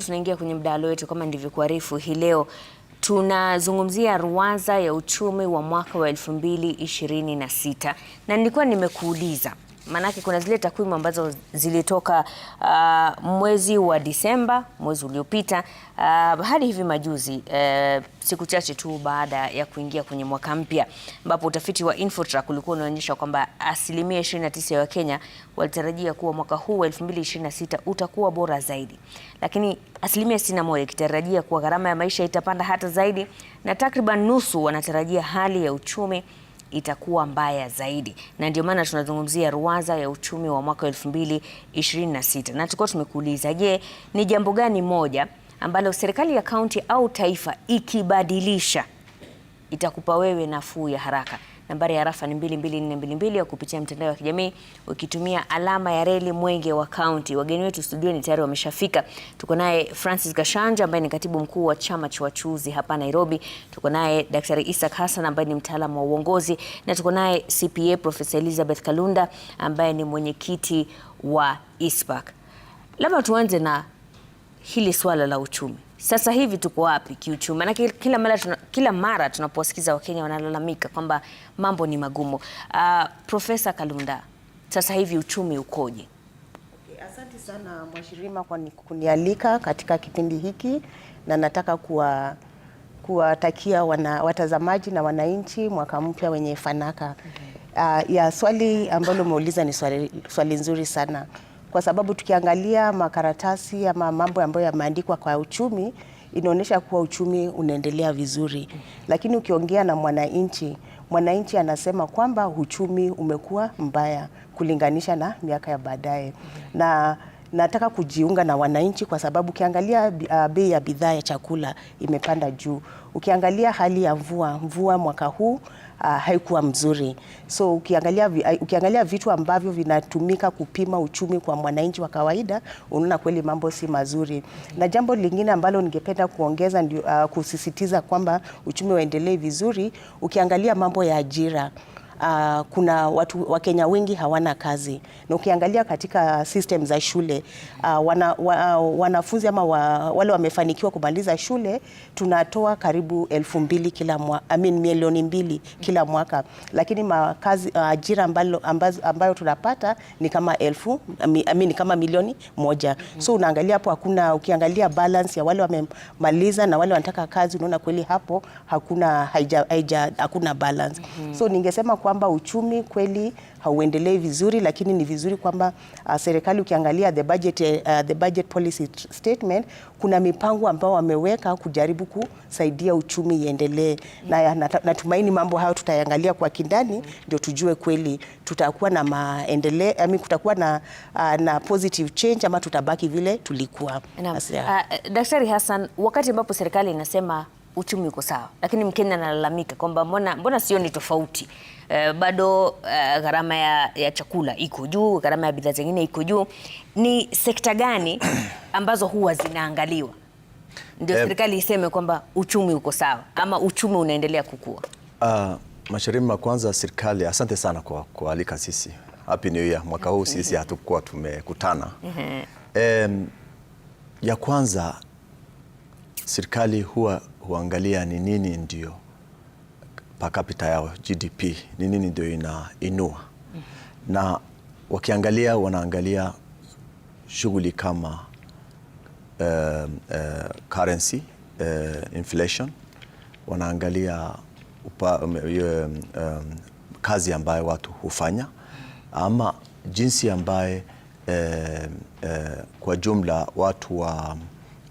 Tunaingia kwenye mdahalo wetu kama ndivyokuarifu hii leo. Tunazungumzia ruwaza ya uchumi wa mwaka wa 2026 na nilikuwa nimekuuliza maanake kuna zile takwimu ambazo zilitoka uh, mwezi wa Disemba, mwezi uliopita uh, hadi hivi majuzi uh, siku chache tu baada ya kuingia kwenye mwaka mpya, ambapo utafiti wa Infotrack ulikuwa unaonyesha kwamba asilimia 29 ya Wakenya walitarajia kuwa mwaka huu 2026 utakuwa bora zaidi, lakini asilimia 61 ikitarajia kuwa gharama ya maisha itapanda hata zaidi, na takriban nusu wanatarajia hali ya uchumi itakuwa mbaya zaidi, na ndio maana tunazungumzia ruwaza ya uchumi wa mwaka 2026 na tulikuwa tumekuuliza, je, ni jambo gani moja ambalo serikali ya kaunti au taifa ikibadilisha itakupa wewe nafuu ya haraka? Nambari ya rafa ni 22422 au kupitia mtandao wa kijamii ukitumia alama ya reli Mwenge wa Kaunti. Wageni wetu studioni tayari wameshafika. Tuko naye Francis Gashanja ambaye ni katibu mkuu wa chama cha wachuuzi hapa Nairobi. Tuko naye Daktari Isaac Hassan ambaye ni mtaalamu wa uongozi na tuko naye CPA Profesa Elizabeth Kalunda ambaye ni mwenyekiti wa ISPAC. Labda tuanze na hili swala la uchumi. Sasa hivi tuko wapi kiuchumi? Maanake kila mara tuna, kila mara tunapowasikiza Wakenya wanalalamika kwamba mambo ni magumu. Uh, Profesa Kalunda, sasa hivi uchumi ukoje? Okay, asante sana Mwashirima kwa kunialika katika kipindi hiki na nataka kuwa kuwatakia wana, watazamaji na wananchi mwaka mpya wenye fanaka. Okay. Uh, ya swali ambalo umeuliza ni swali, swali nzuri sana kwa sababu tukiangalia makaratasi ama mambo ambayo yameandikwa kwa uchumi inaonyesha kuwa uchumi unaendelea vizuri, lakini ukiongea na mwananchi, mwananchi anasema kwamba uchumi umekuwa mbaya kulinganisha na miaka ya baadaye, na nataka kujiunga na wananchi kwa sababu ukiangalia uh, bei ya bidhaa ya chakula imepanda juu. Ukiangalia hali ya mvua, mvua mwaka huu uh, haikuwa mzuri. So ukiangalia, uh, ukiangalia vitu ambavyo vinatumika kupima uchumi kwa mwananchi wa kawaida, unaona kweli mambo si mazuri. Na jambo lingine ambalo ningependa kuongeza ndio, uh, kusisitiza kwamba uchumi waendelee vizuri, ukiangalia mambo ya ajira uh, kuna watu Kenya wengi hawana kazi, na ukiangalia katika system za shule uh, wana, wa, wanafunzi ama wa, wale wamefanikiwa kumaliza shule tunatoa karibu elfu mbili kila mwaka, I mean, milioni mbili kila mwaka, lakini makazi, ajira ambayo, ambayo tunapata ni kama elfu I mean, kama milioni moja. So unaangalia hapo hakuna, ukiangalia balance ya wale wamemaliza na wale wanataka kazi, unaona kweli hapo hakuna, haija, haija, hakuna balance. So ningesema kwamba uchumi kweli hauendelei vizuri, lakini ni vizuri kwamba uh, serikali ukiangalia the budget, uh, the budget policy statement kuna mipango ambao wameweka kujaribu kusaidia uchumi iendelee, na natumaini mambo hayo tutayangalia kwa kindani, ndio tujue kweli tutakuwa na maendeleo, yaani kutakuwa na, uh, na positive change ama tutabaki vile tulikuwa. Uh, Daktari Hassan, wakati ambapo serikali inasema uchumi uko sawa, lakini Mkenya analalamika kwamba mbona, mbona sioni tofauti eh, bado eh, gharama ya, ya chakula iko juu, gharama ya bidhaa zingine iko juu. Ni sekta gani ambazo huwa zinaangaliwa ndio eh, serikali iseme kwamba uchumi uko sawa ama uchumi unaendelea kukua? Uh, ah, Masharima, kwanza serikali, asante sana kwa kualika sisi Happy New Year. Mwaka huu sisi mhm. hatukuwa tumekutana. Um, ya kwanza serikali huwa huangalia ni nini ndio per capita yao GDP ni nini ndio inainua, na wakiangalia wanaangalia shughuli kama uh, uh, currency uh, inflation, wanaangalia upa, um, um, um, kazi ambayo watu hufanya ama jinsi ambaye uh, uh, kwa jumla watu wa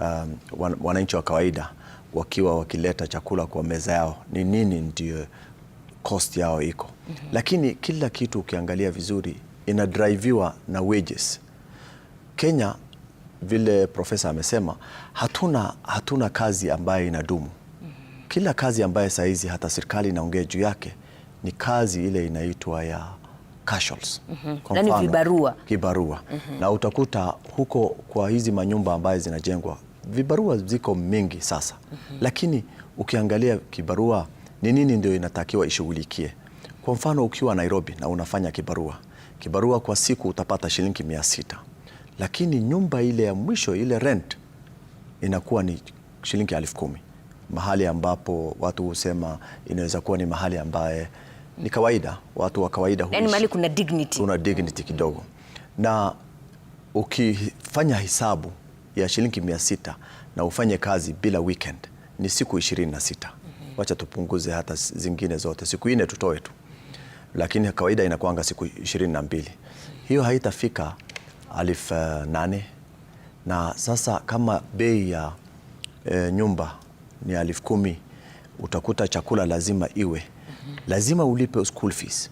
um, wananchi wa kawaida wakiwa wakileta chakula kwa meza yao, ni nini ndio cost yao iko. mm -hmm. Lakini kila kitu ukiangalia vizuri inadriviwa na wages. Kenya vile profesa amesema, hatuna, hatuna kazi ambayo inadumu. mm -hmm. Kila kazi ambayo sahizi hata serikali inaongea juu yake ni kazi ile inaitwa ya casuals. mm -hmm. kibarua, kibarua. Mm -hmm. Na utakuta huko kwa hizi manyumba ambayo zinajengwa vibarua ziko mingi sasa mm -hmm. Lakini ukiangalia kibarua ni nini ndio inatakiwa ishughulikie. Kwa mfano ukiwa Nairobi na unafanya kibarua, kibarua kwa siku utapata shilingi mia sita, lakini nyumba ile ya mwisho ile rent inakuwa ni shilingi elfu kumi mahali ambapo watu husema inaweza kuwa ni mahali ambaye ni kawaida watu wa kawaida yaani huishi, yani kuna dignity, kuna dignity kidogo, na ukifanya hesabu ya shilingi mia sita na ufanye kazi bila weekend ni siku ishirini na sita. Wacha tupunguze hata zingine zote siku nne tutoe tu, lakini kawaida inakuanga siku ishirini na mbili. Hiyo haitafika alif eh, nane na sasa kama bei ya e, nyumba ni alif kumi, utakuta chakula lazima iwe lazima ulipe school fees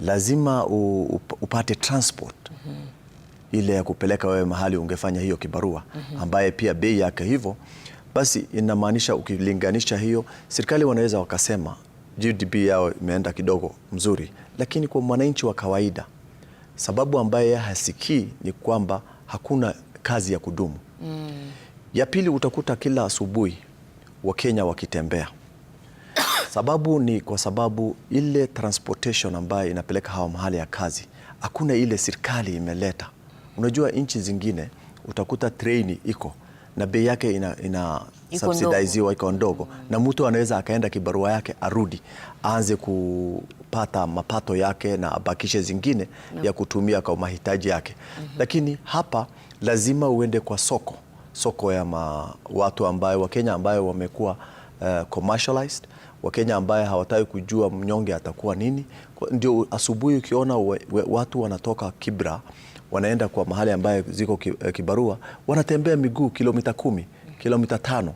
lazima upate transport mm -hmm ile ya kupeleka wewe mahali ungefanya hiyo kibarua ambaye pia bei yake hivyo basi inamaanisha ukilinganisha hiyo, serikali wanaweza wakasema GDP yao imeenda kidogo mzuri, lakini kwa mwananchi wa kawaida, sababu ambaye hasikii ni kwamba hakuna kazi ya kudumu mm. Ya pili, utakuta kila asubuhi Wakenya wakitembea, sababu ni kwa sababu ile transportation ambayo inapeleka hawa mahali ya kazi hakuna ile serikali imeleta Unajua nchi zingine utakuta treni iko na bei yake ina, ina subsidiziwa iko ndogo na mtu anaweza akaenda kibarua yake arudi aanze kupata mapato yake na abakishe zingine no. ya kutumia kwa mahitaji yake mm -hmm. Lakini hapa lazima uende kwa soko soko ya ma, watu ambayo Wakenya ambayo wamekuwa uh, commercialized Wakenya ambayo hawatai kujua mnyonge atakuwa nini. Ndio asubuhi ukiona watu wanatoka Kibra wanaenda kwa mahali ambayo ziko eh, kibarua, wanatembea miguu kilomita kumi, kilomita tano.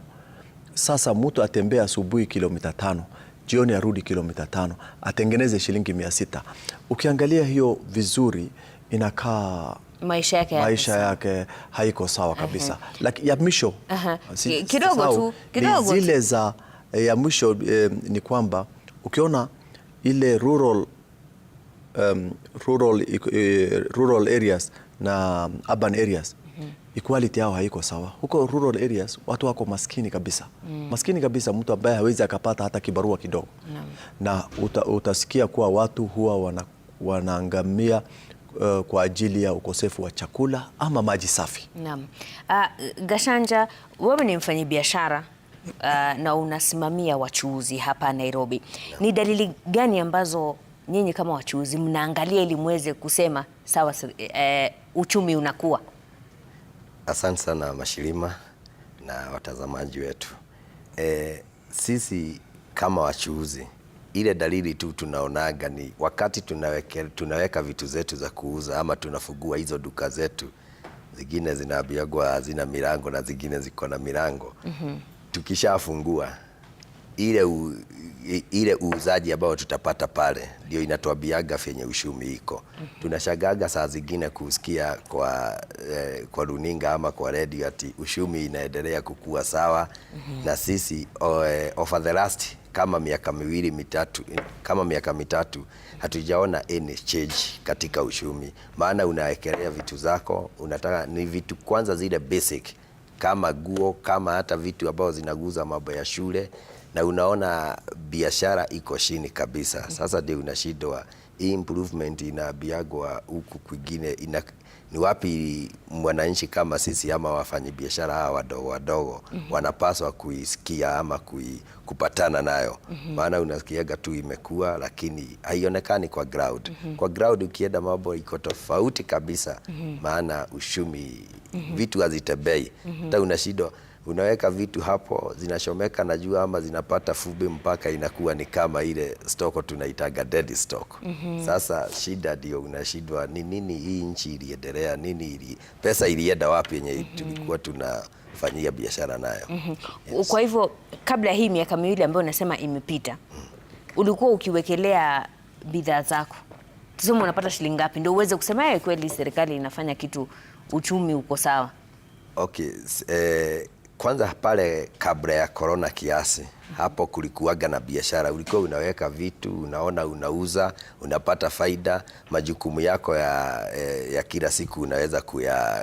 Sasa mtu atembee asubuhi kilomita tano, jioni arudi kilomita tano, atengeneze shilingi mia sita. Ukiangalia hiyo vizuri, inakaa maisha yake, maisha yake haiko sawa kabisa. uh -huh. ya mwisho uh -huh. kidogo tu kidogo zile za eh, ya mwisho eh, ni kwamba ukiona ile rural um, rural, uh, rural areas na um, urban areas mm -hmm. equality yao haiko sawa huko rural areas, watu wako maskini kabisa mm. maskini kabisa, mtu ambaye hawezi akapata hata kibarua kidogo mm. na uta, utasikia kuwa watu huwa wana, wanaangamia Uh, kwa ajili ya ukosefu wa chakula ama maji safi. Naam. Uh, Gashanja, wewe ni mfanyabiashara uh, ah, na unasimamia wachuuzi hapa Nairobi. Naam. Ni dalili gani ambazo nyinyi kama wachuuzi mnaangalia ili muweze kusema sawa, eh, uchumi unakuwa? Asante sana mashirima na watazamaji wetu. E, sisi kama wachuuzi ile dalili tu tunaonaga ni wakati tunaweke, tunaweka vitu zetu za kuuza ama tunafungua hizo duka zetu, zingine zinabiagwa hazina milango na zingine ziko na milango mm -hmm. Tukishafungua ile, u, ile uuzaji ambao tutapata pale ndio inatuambiaga vyenye ushumi iko. Mhm. Tunashagaga saa zingine kusikia kwa, eh, kwa runinga ama kwa redio ati ushumi inaendelea kukua sawa. mm -hmm. na sisi oh, eh, over the last kama miaka miwili mitatu, kama miaka mitatu hatujaona any change katika ushumi, maana unawekelea vitu zako, unataka ni vitu kwanza zile basic kama guo kama hata vitu ambao zinaguza mambo ya shule na unaona biashara iko chini kabisa. Sasa ndio unashindwa hii improvement inaambiagwa huku kwingine ina, ni wapi mwananchi kama sisi ama wafanyi biashara hawa wadogo wadogo mm -hmm. wanapaswa kuisikia ama kui, kupatana nayo mhm. maana mm -hmm. unasikiaga tu imekuwa lakini haionekani kwa ground mm -hmm. kwa ground ukienda mambo iko tofauti kabisa mhm. maana mm -hmm. ushumi mm -hmm. vitu hazitembei mhm. hata mm -hmm. unashindwa unaweka vitu hapo zinashomeka na jua ama zinapata fube mpaka inakuwa ni kama ile stoko tunaitaga dead stock. Mm -hmm. Sasa shida ndio unashindwa ni nini, hii nchi iliendelea nini, ili pesa ilienda wapi yenye mm -hmm. tulikuwa tunafanyia biashara nayo. mm -hmm. Yes. Kwa hivyo kabla hii miaka miwili ambayo unasema imepita, mm -hmm. ulikuwa ukiwekelea bidhaa zako tuseme unapata shilingi ngapi ndio uweze kusema eh, kweli serikali inafanya kitu, uchumi uko sawa? Okay. Eh, kwanza pale kabla ya korona kiasi hapo kulikuwaga na biashara, ulikuwa unaweka vitu, unaona unauza, unapata faida. Majukumu yako ya, eh, ya kila siku unaweza kuya,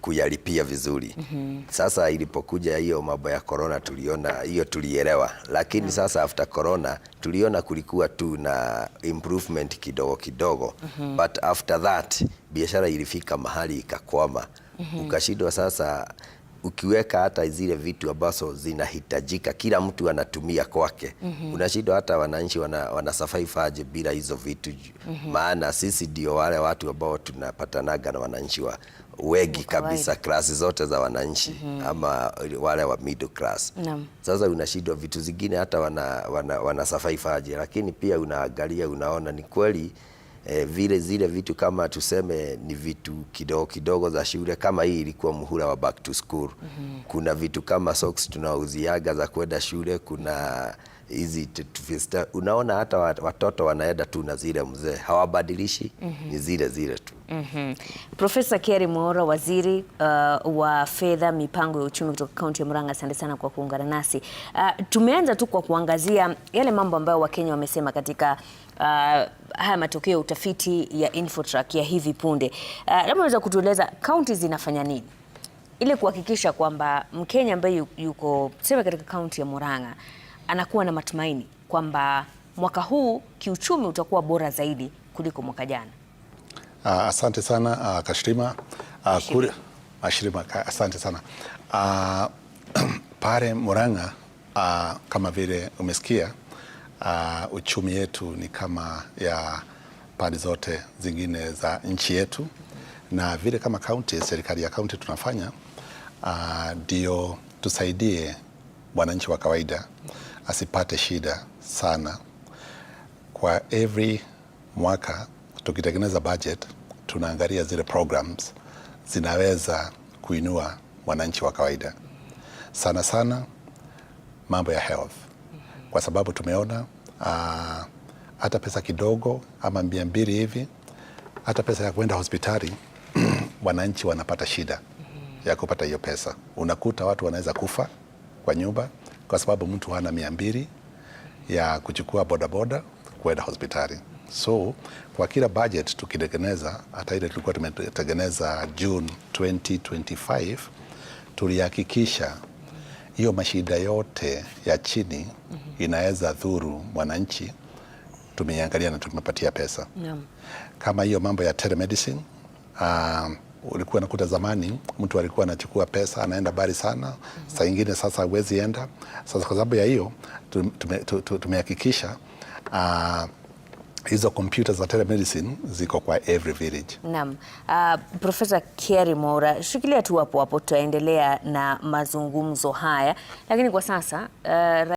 kuyalipia vizuri mm -hmm. Sasa ilipokuja hiyo mambo ya korona, tuliona hiyo, tulielewa, lakini yeah. Mhm. Sasa after corona tuliona kulikuwa tu na improvement kidogo kidogo mm -hmm. But after that biashara ilifika mahali ikakwama mm -hmm. Ukashindwa sasa ukiweka hata zile vitu ambazo zinahitajika kila mtu anatumia kwake, mm -hmm. unashindwa hata wananchi wana, wana survive aje bila hizo vitu mm -hmm. maana sisi ndio wale watu ambao tunapatanaga na wananchi wa wengi kabisa klasi zote za wananchi mm -hmm. ama wale wa middle class Naam. Sasa unashindwa vitu zingine hata wana, wana, wana survive aje, lakini pia unaangalia unaona ni kweli eh, vile zile vitu kama tuseme ni vitu kidogo kidogo za shule, kama hii ilikuwa muhula wa back to school mm -hmm. kuna vitu kama socks tunauziaga za kwenda shule, kuna hizi fiesta, unaona hata watoto wanaenda tu na zile mzee, hawabadilishi mm -hmm. ni zile zile tu mm -hmm. Profesa Kiari mora waziri uh, wa fedha, mipango ya uchumi kutoka kaunti ya Murang'a, asante sana kwa kuungana nasi. Uh, tumeanza tu kwa kuangazia yale mambo ambayo Wakenya wamesema katika uh, haya matokeo ya utafiti ya Infotrack ya hivi punde. Uh, unaweza kutueleza kaunti zinafanya nini ili kuhakikisha kwamba Mkenya ambaye yuko sema katika kaunti ya Murang'a anakuwa na matumaini kwamba mwaka huu kiuchumi utakuwa bora zaidi kuliko mwaka jana? Ah, asante sana ah, Kashirima. Ah, Ashirima, asante sana pale Murang'a. Kama vile umesikia, uchumi yetu ni kama ya pande zote zingine za nchi yetu, na vile kama kaunti, serikali ya kaunti tunafanya ndio tusaidie wananchi wa kawaida asipate shida sana. Kwa every mwaka tukitengeneza budget, tunaangalia zile programs zinaweza kuinua mwananchi wa kawaida, sana sana mambo ya health, kwa sababu tumeona uh, hata pesa kidogo ama mia mbili hivi, hata pesa ya kwenda hospitali wananchi wanapata shida ya kupata hiyo pesa. Unakuta watu wanaweza kufa kwa nyumba kwa sababu mtu hana mia mbili ya kuchukua bodaboda kwenda hospitali. So kwa kila budget tukitengeneza, hata ile tulikuwa tumetengeneza June 2025 tulihakikisha hiyo mashida yote ya chini mhm. inaweza dhuru mwananchi, tumeiangalia na tumepatia pesa. Kama hiyo mambo ya telemedicine um, ulikuwa nakuta zamani mtu alikuwa anachukua pesa anaenda bari sana, saa ingine sasa hawezi enda. Sasa kwa sababu ya hiyo tumehakikisha uh, hizo kompyuta za telemedicine ziko kwa every village. Naam. Uh, Profesa Kieri Mwaura, shikilia tu hapo hapo, tutaendelea na mazungumzo haya, lakini kwa sasa uh,